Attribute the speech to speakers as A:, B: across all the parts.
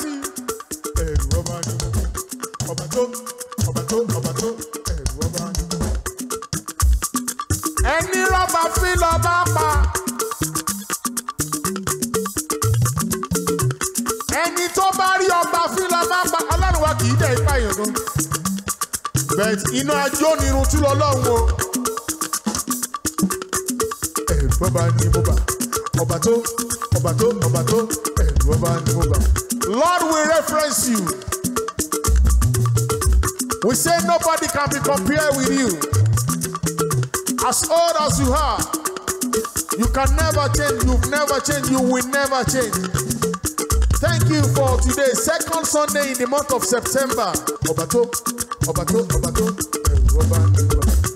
A: sí ẹ̀rù ọba ni ọba tó ọba tó ọba tó ẹ̀rù ọba ni. ẹni rọ́bà fi lọ́ba pa. ẹni tó bá rí ọba fi lọ́ba pa ọlọ́run wa iná ajó ni irun tú lọ́lọ́run o. ẹ̀rù ọba ni mo ọba tó ọba tó ọba tó ẹ̀rù ọba ni mo Lord, we reference you. We say nobody can be compared with you. As old as you are, you can never change, you've never changed, you will never change. Thank you for today, second Sunday in the month of September. Obato, Obato, Obato, Obato.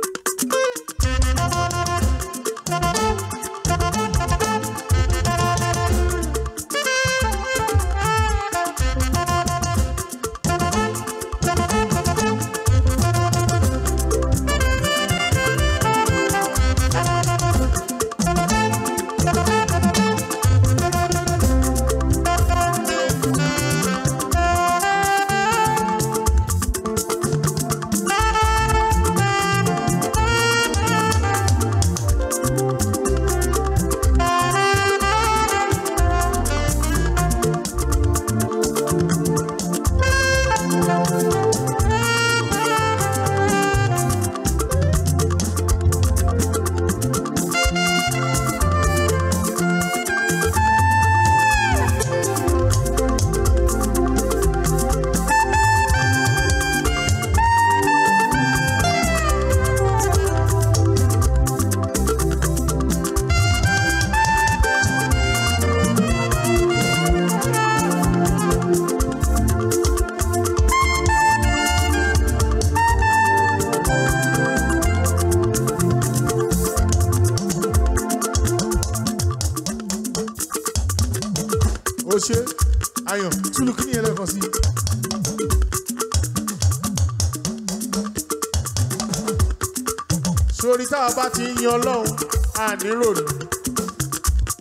A: ní ròlù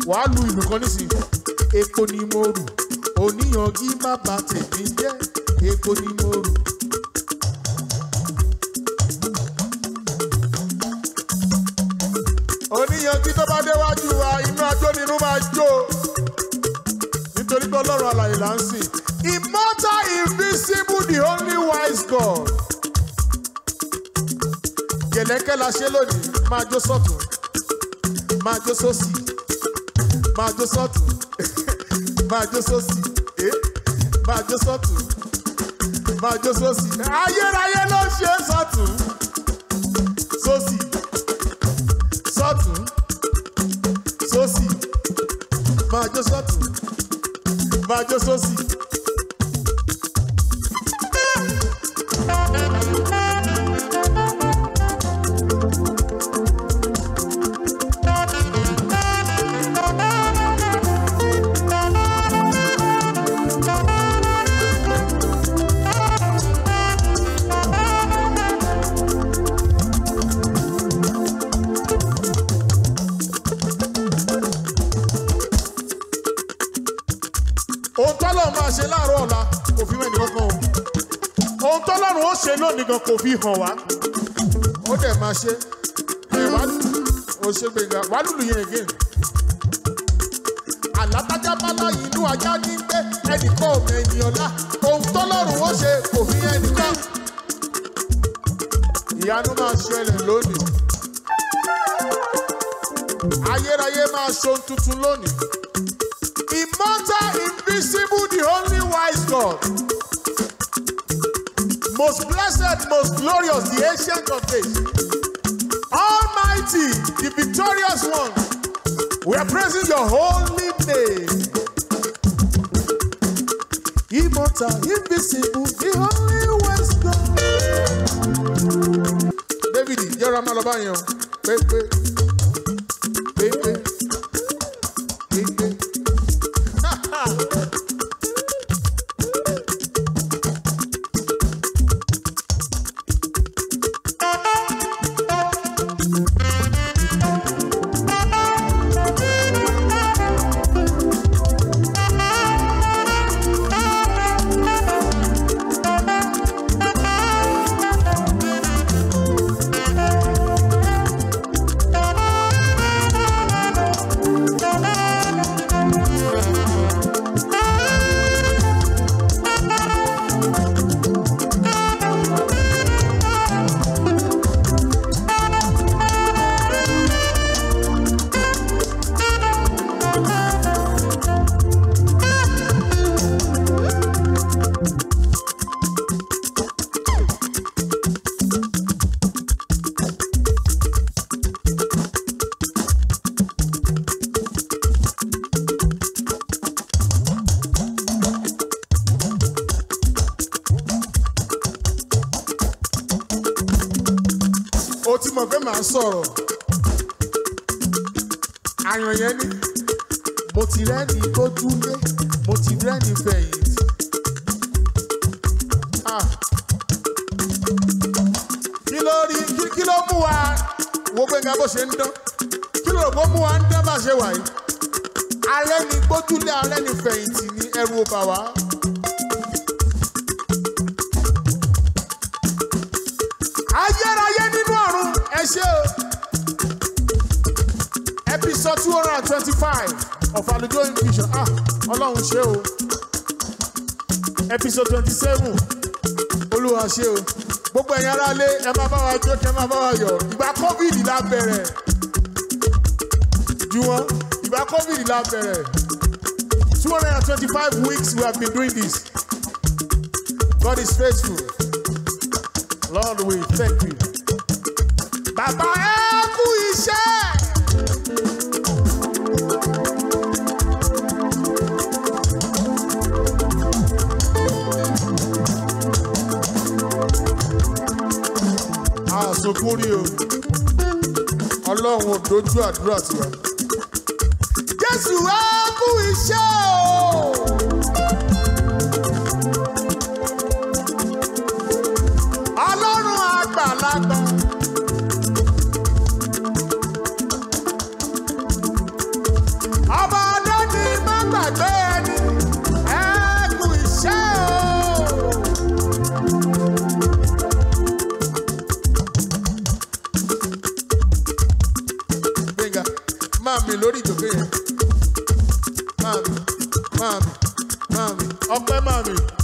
A: wàá lu ìlú kan nísìnyí epo ni mo rù oníyangí má bà tèmi jẹ́ epo ni mo rù. oníyangí tó bá déwájú wa inú ajóninú máa jó nítorí pé ọlọ́run alàyè là ń sìn immortal invisible the only wise God. gẹ̀lẹ́kẹ́ la ṣe lónìí máa jó sọ́tún máa jó sósì máa jó sọ́tún máa jó sósì máa eh? jó sọ́tún máa jó sósì ayérayé ló ṣe sọ́tún sósì sọ́tún sósì máa jó sọ́tún máa jó sósì. gan kò fi hàn wá. ó dẹ̀ máa ṣe ẹ wá òṣègbèngà wá lùlù yẹn again. àlátájá bálá inú ajá ní gbé ẹnìkan ọmọ ènìyàn lá ohun tọ́lọ́run ó ṣe kò fi ẹnìkan. ìyanu máa ṣẹlẹ̀ lónìí ayérayé máa ṣohun tuntun lónìí. that most glorious, the ancient of days, Almighty, the victorious one, we are praising your holy name. Immortal, invisible, the only wise God. David, Yorama Lobanyo, wait, wait. kí ló mú wa wo gbẹ̀ngà bó ṣe ń dán kí ló bó mú wa ń dán bá ṣe wà alẹ́ ni gbójúlé alẹ́ ni fẹ̀yìntì ni ẹrù ọba wa. ayérayé nínú ọ̀run ẹ ṣe o episode two hundred and twenty-five of AlujoHymn Fusion ah ọlọ́run ṣe o episode twenty-seven olúwa ṣe o gbogbo ẹ̀yin aráalé ẹ máa bá wa jó kẹ́ máa bá wa yọ̀ ìgbà covid la bẹ̀rẹ̀ ju wọn ìgbà covid la bẹ̀rẹ̀ two hundred and twenty-five weeks we have been doing this God is faithful Lord we thank you Bye bye. sunkún rí o ọlọ́run ò dojú àdúrà tiwa. Mami, mi lórí ìjòkè yẹn mami, mami, máa mi máa mi ọpẹ́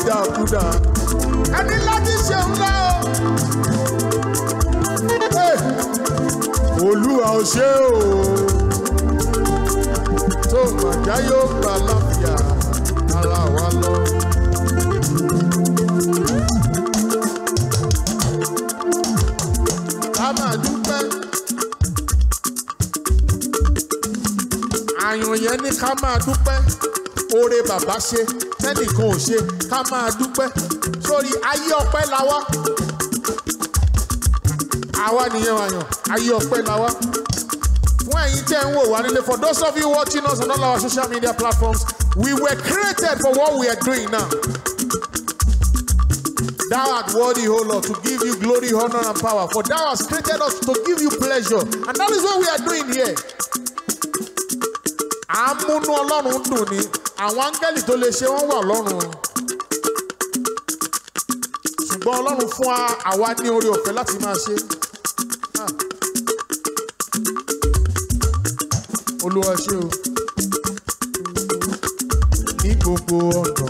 A: dìdàkudà ẹni láti ṣe ńlá o olúwa ò ṣe o tó màjá yóò gbà láfíà ara wa lọ. a máa dúpẹ́ àyùn yẹn ní ká máa dúpẹ́ oore bàbá ṣe tẹ́nìkan ò ṣe ká máa dúpẹ́ sórí ayé ọpẹ́ làwa àwa nìyẹn àyàn ayé ọpẹ́ làwa fún ẹ̀yin tẹ́ ń wò wá nílé for those of you watching us on all our social media platforms we were created for what we are doing now. Thou art worthy, O Lord, to give you glory, honor, and power. For thou hast created us to give you pleasure. And that is what we are doing here. Àmúnú Ọlọ́run dùn ni, àwọn áńgẹ́lì tó lè ṣe wọ́n wà lọ́run ṣùgbọ́n ọlọ́run fún àwa ní orí ọ̀fẹ́ láti máa ṣe. olúwa ṣe o ní gbogbo ọ̀nà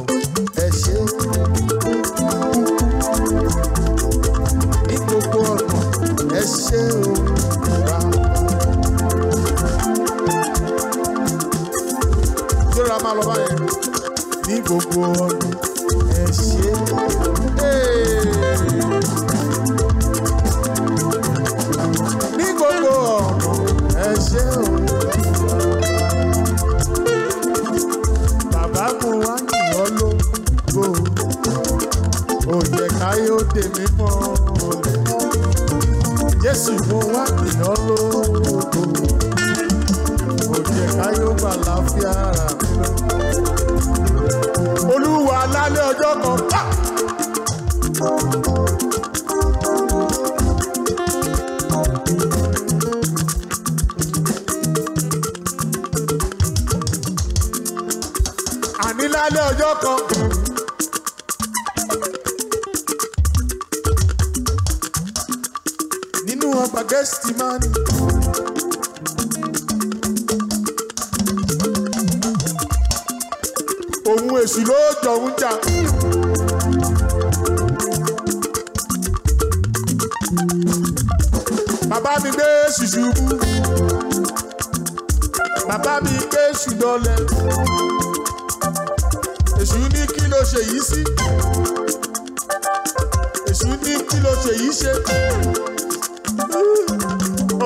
A: ṣèyí ṣe kù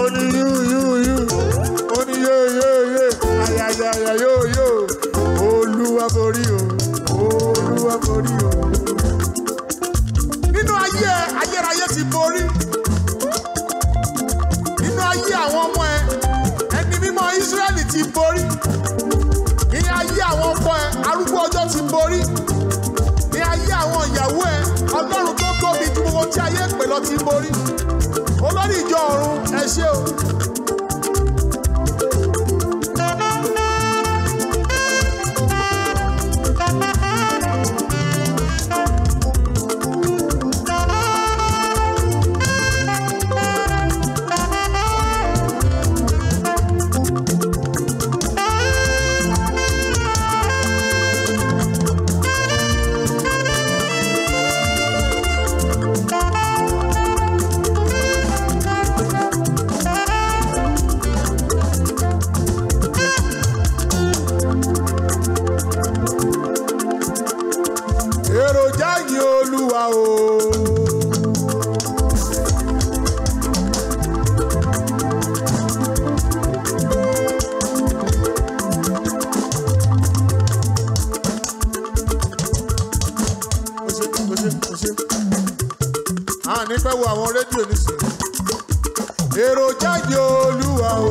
A: ó ní yú yú yú ó ní yé yé yé ayayaya yóò yóò olúwa borí o olúwa borí o. nínú ayé ayérayé ti borí nínú ayé àwọn ọmọ ẹ ẹni mímọ́ Ísírẹ́lì ti borí ní ayé àwọn ọkọ ẹ arúgbó ọjọ́ ti borí. ti borí olórí ìjọ ọ̀run ẹ ṣé o. ní pẹ́ wo àwọn rédíò nísìnyí èròjà ìjọ olúwa o.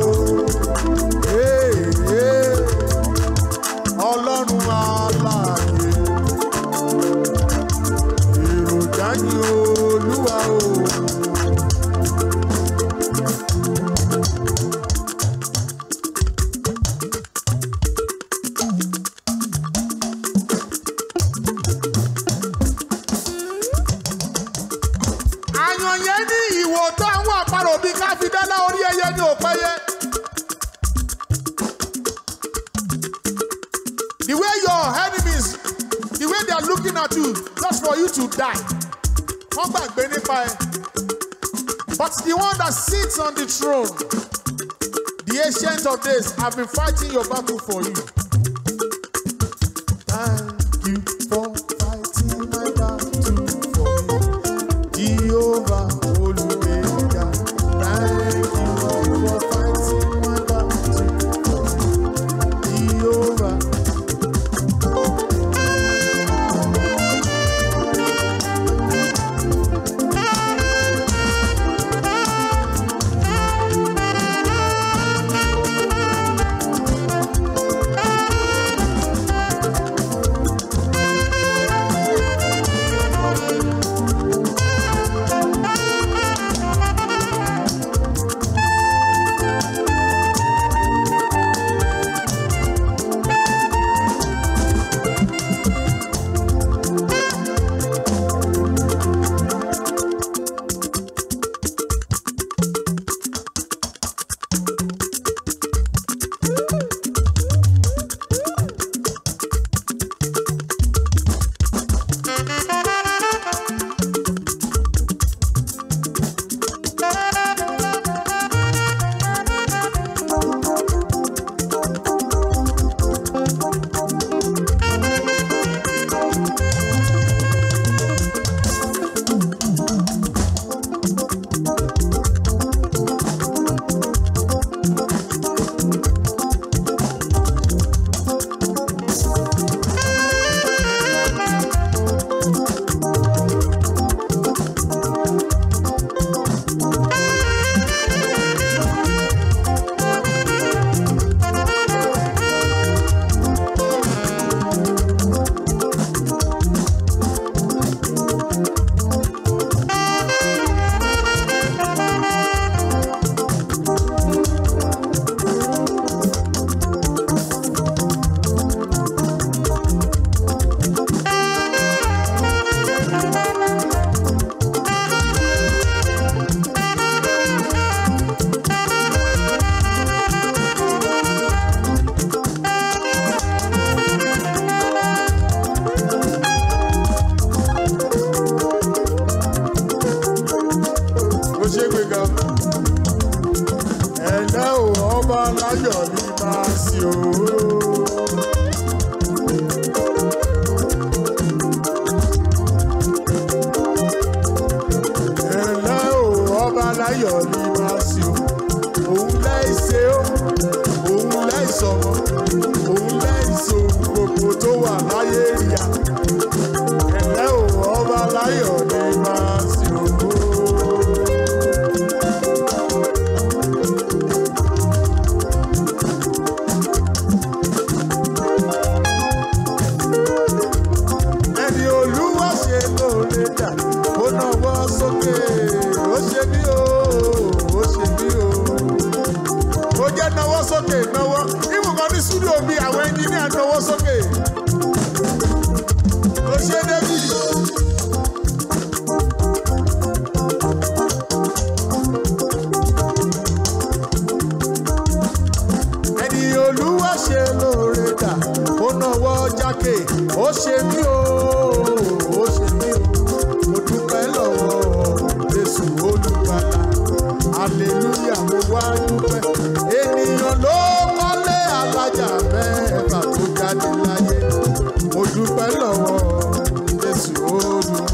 A: I've been fighting your battle for you.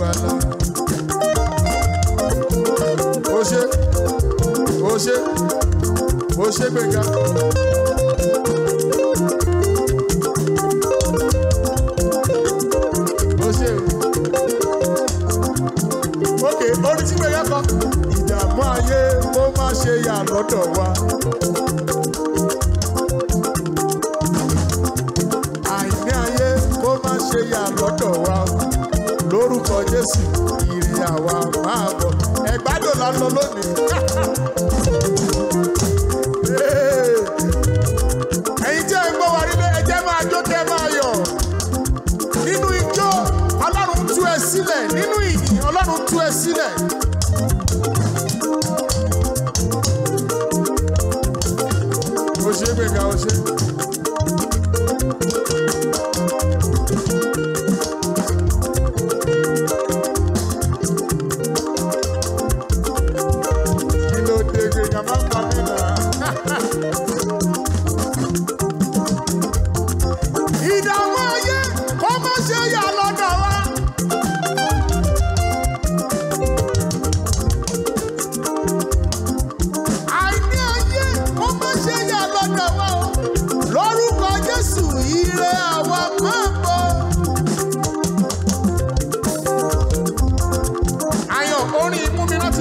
A: àgbàlá. ó ṣe ó ṣe ó ṣe gbẹ̀gà. ó ṣe òkè orí tí gbẹ̀gà ìdààmú ayé mo máa ṣe yà lọ́dọ̀ wa. àwa máa bọ̀ ẹ gbádùn la lọ lónìí. ẹ̀yin tí ẹ ń gbọ́ wa nílé ẹ jẹ́ máa jó kẹ́ máa yọ̀ nínú ijó ọlọ́run tú ẹ sílẹ̀ nínú ìyìn ọlọ́run tú ẹ sílẹ̀. ó ṣe é gbẹ̀gà ó ṣe é.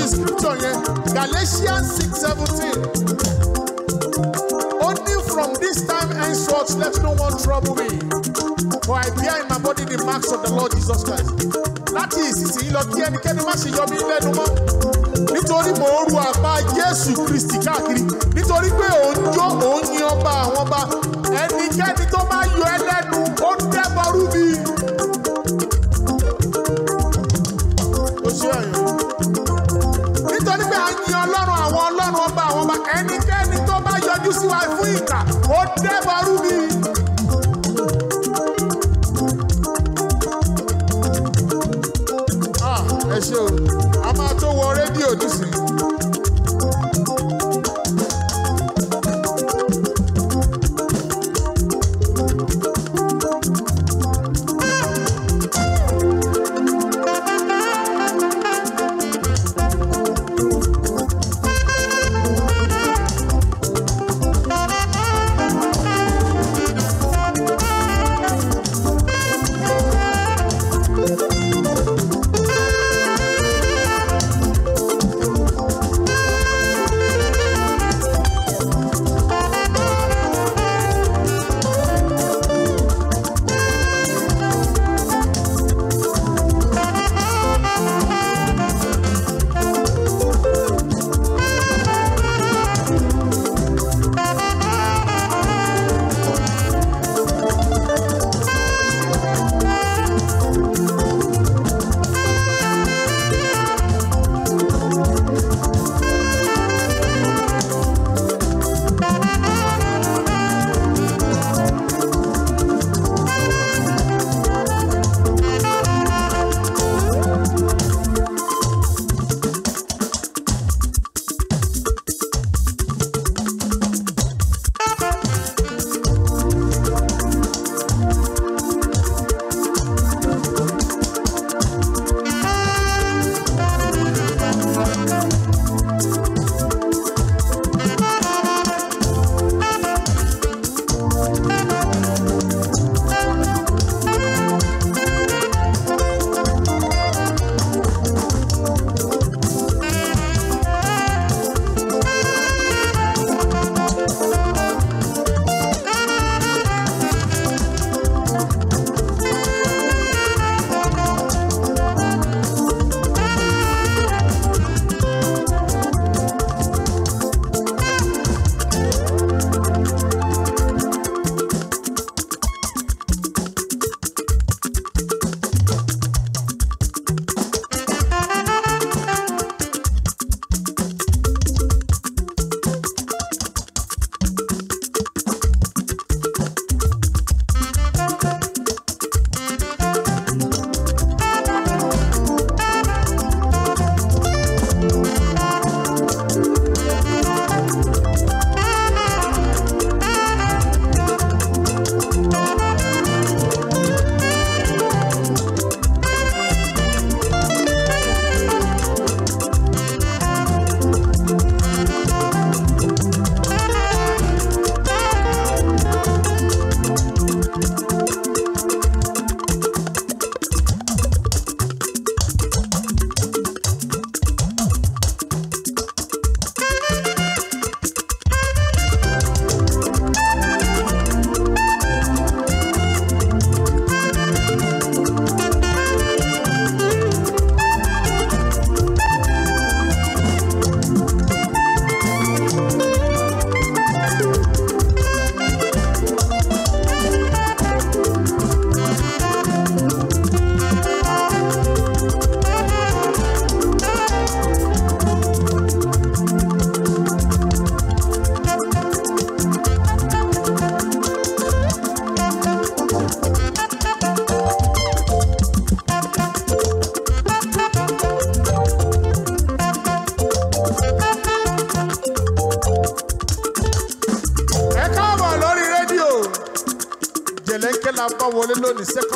A: scripture yẹn Galatians six seventeen ó from this time henceforth let no one trouble me for I bear in my body the marks of the Lord Jesus Christ láti ìsinsìnyí lọ kí ẹnikẹ́ni má ṣe yọ lẹ́nu mọ́ nítorí mò ń ru àpá Jésù Kristi káàkiri nítorí pé òun jó òun yin ọba àwọn ọba ẹnikẹ́ni tó bá yọ ẹ lẹ́nu. sí wa fún ìkà ó dẹ́bọrú mi.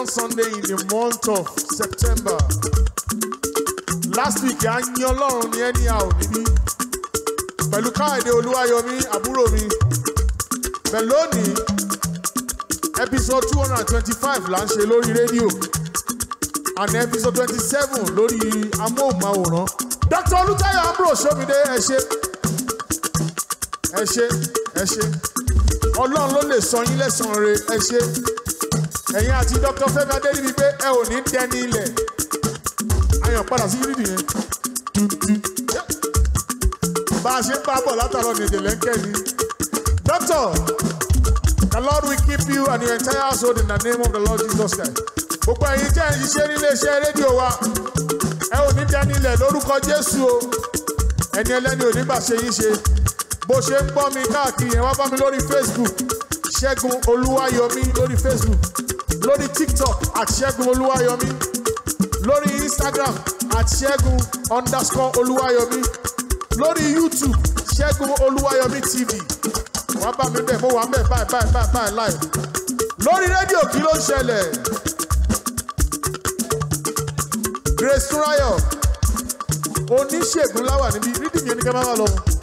A: second Sunday in the month of September last week I ń yan Ọlọ́run ní ẹni a ò níbí pẹ̀lú Káyọ̀dé Olúwayọ̀mí àbúrò episode 225 hundred and Radio, and episode twenty Lori Amo amóhùnmáwòrán Dr. Olùtayọ Ambrose show me there, Eshe, Eshe, Eshe. ṣé Ọlọ́run ló lè sọ yín lẹ́sàn-án re ẹ ṣé ẹ̀yin àti Dr. Fẹ́mi Adéríbi pé ẹ ò ní dẹni ilẹ̀ ayọ̀ padà sí yúnìtì yẹn bá a ṣe ń bá bọ̀ látàrọ̀ nìjẹ̀ lẹ́ńkẹ́ ni Doctor, the Lord will keep you and your entire household in the name of the Lord Jesus Christ gbogbo ẹ̀yin tẹ́ ẹ̀ nílé iṣẹ́ rédíò wa ẹ ò ní dẹni ilẹ̀ lórúkọ Jésù o ẹni ẹlẹ́ni ò ní gbà ṣe yín ṣe bó ṣe ń gbọ́ mi káàkiri yẹn wá bá mi lórí Facebook Ṣẹ́gun Olúwayọ̀mí lórí Facebook lórí tiktok at ṣẹ́gun olúwayọ̀mí lórí instagram at ṣẹ́gun underscore olúwayọ̀mí lórí youtube ṣẹ́gun olúwayọ̀mí tv wá bá mi bẹ̀ mo wà mẹ́ báyìí báyìí báyìí báyìí láì lórí rédíò kí ló ń ṣẹlẹ̀ grace túnráyọ̀ oníṣègùn láwà níbi rídìmí oníkẹ́ máa wà lọ́wọ́.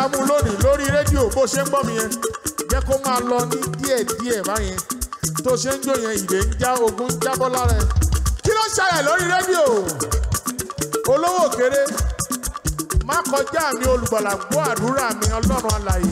A: ta mú lónìí lórí rédíò bó ṣe ń gbọ́ mi yẹn jẹ́ kó máa lọ ní díẹ̀díẹ̀ báyẹn tó ṣe ń jó yẹn ìdè ń já ogun ń jábọ́ lára ẹ̀ kí ló ṣẹlẹ̀ lórí rédíò olówó kéré má kọjá mi olùgbàlà gbọ́ àdúrà mi ọlọ́run alàyè.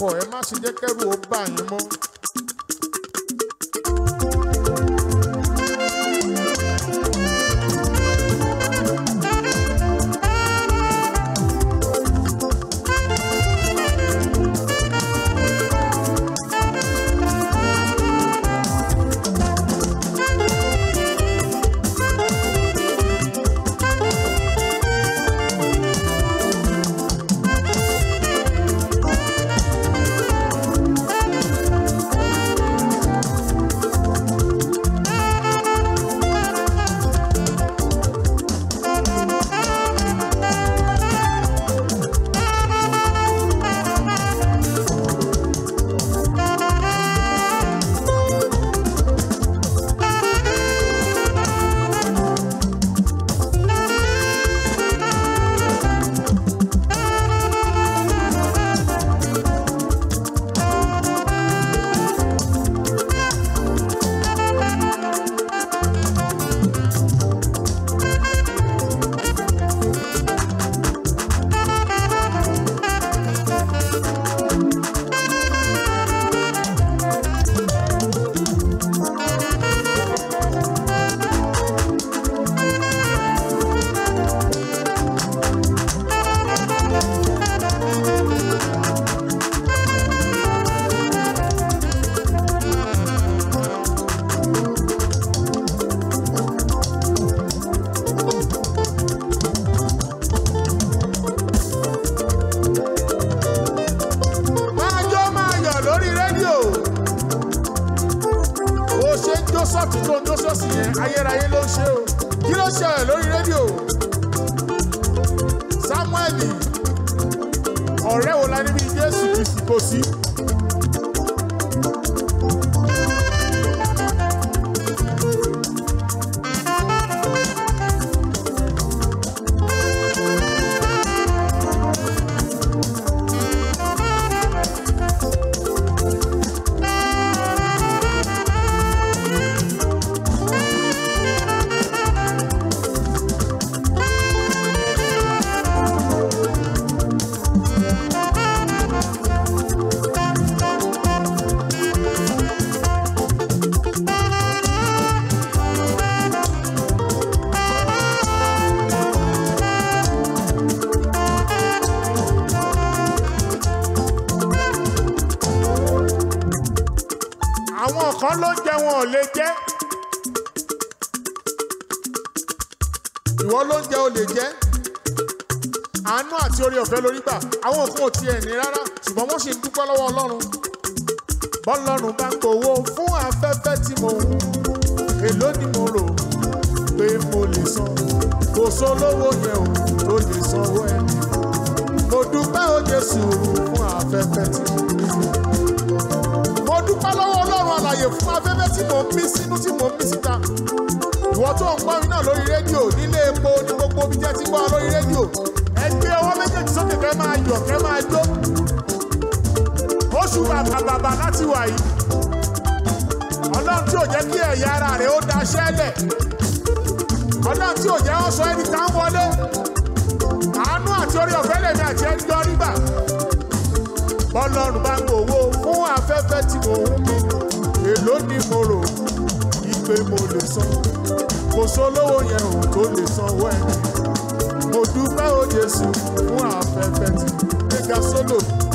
A: Boy, I'm ṣe jẹ́ láti wà yìí ọlọ́run tí ò jẹ́ kí ẹ̀yà ara rẹ̀ ó daṣẹ́ lẹ̀ ọlọ́run tí ò jẹ́ ó sọ ẹni tá ń wọlé àánú àti orí ọ̀fẹ́ lèmi àti ẹni jọ nígbà bọ́lọ́run bá ń gbòwó fún afẹ́fẹ́ tí mò ń mi èló ni mo rò ìpè mo lè san kò sólówó yẹn òun tó lè sanwó ẹni mo dúpẹ́ o Jésù fún afẹ́fẹ́ tí mo ga sólò.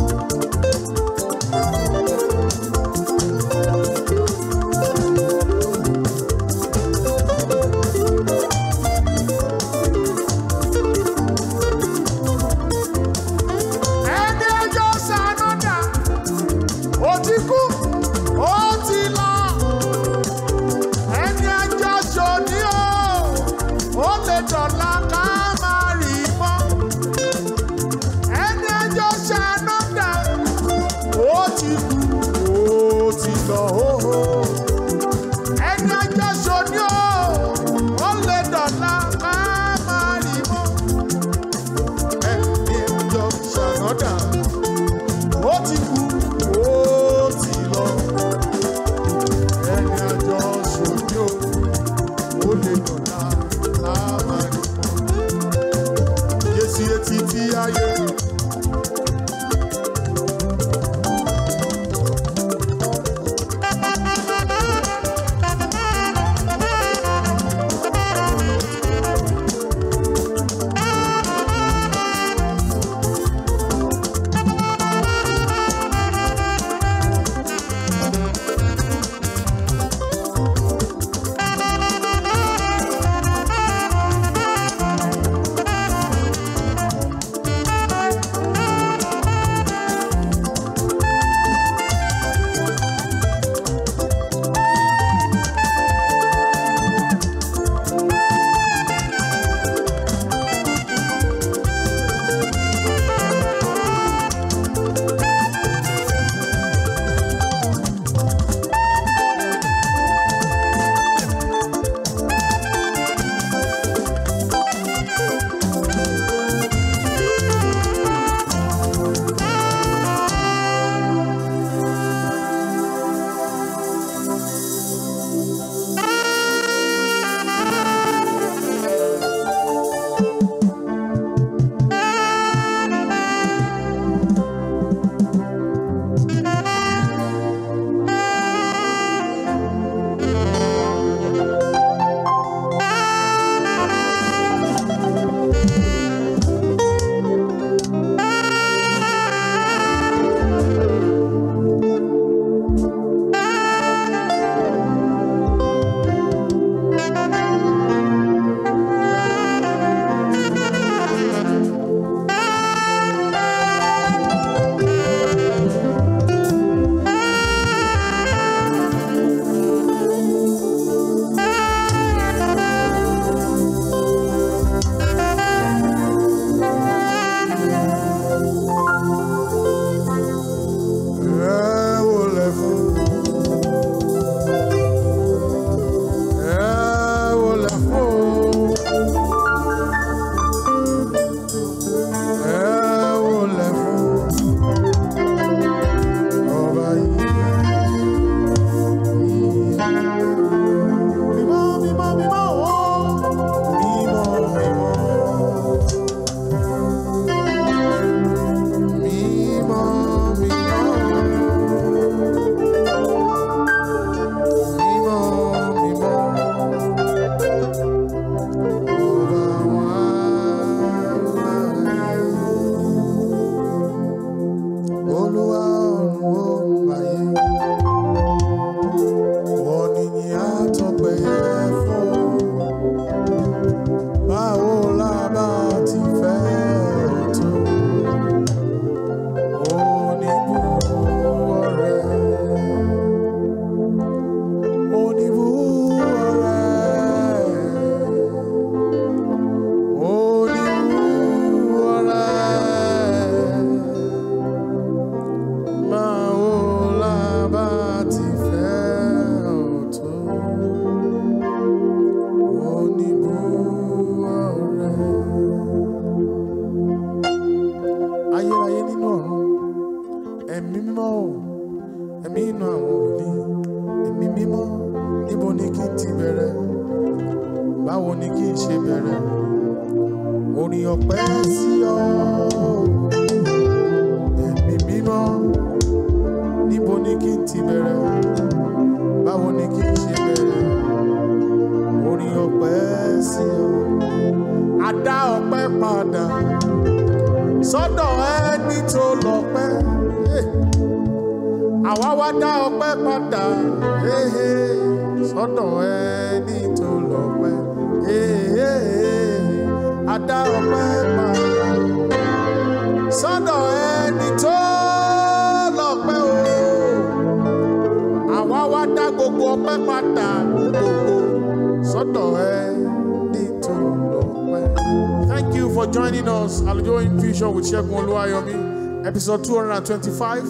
A: with Shegun Oluwayomi, episode 225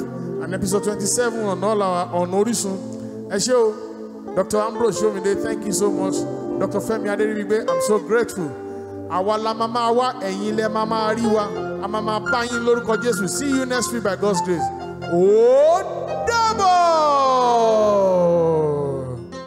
A: and episode 27 on all our on Orisun. Esho, Dr. Ambrose Shomide, thank you so much. Dr. Femi Aderibe, I'm so grateful. Àwa la máa máa wá, ẹ̀yin lẹ máa máa rí wa. A See you next week by God's grace. Oh!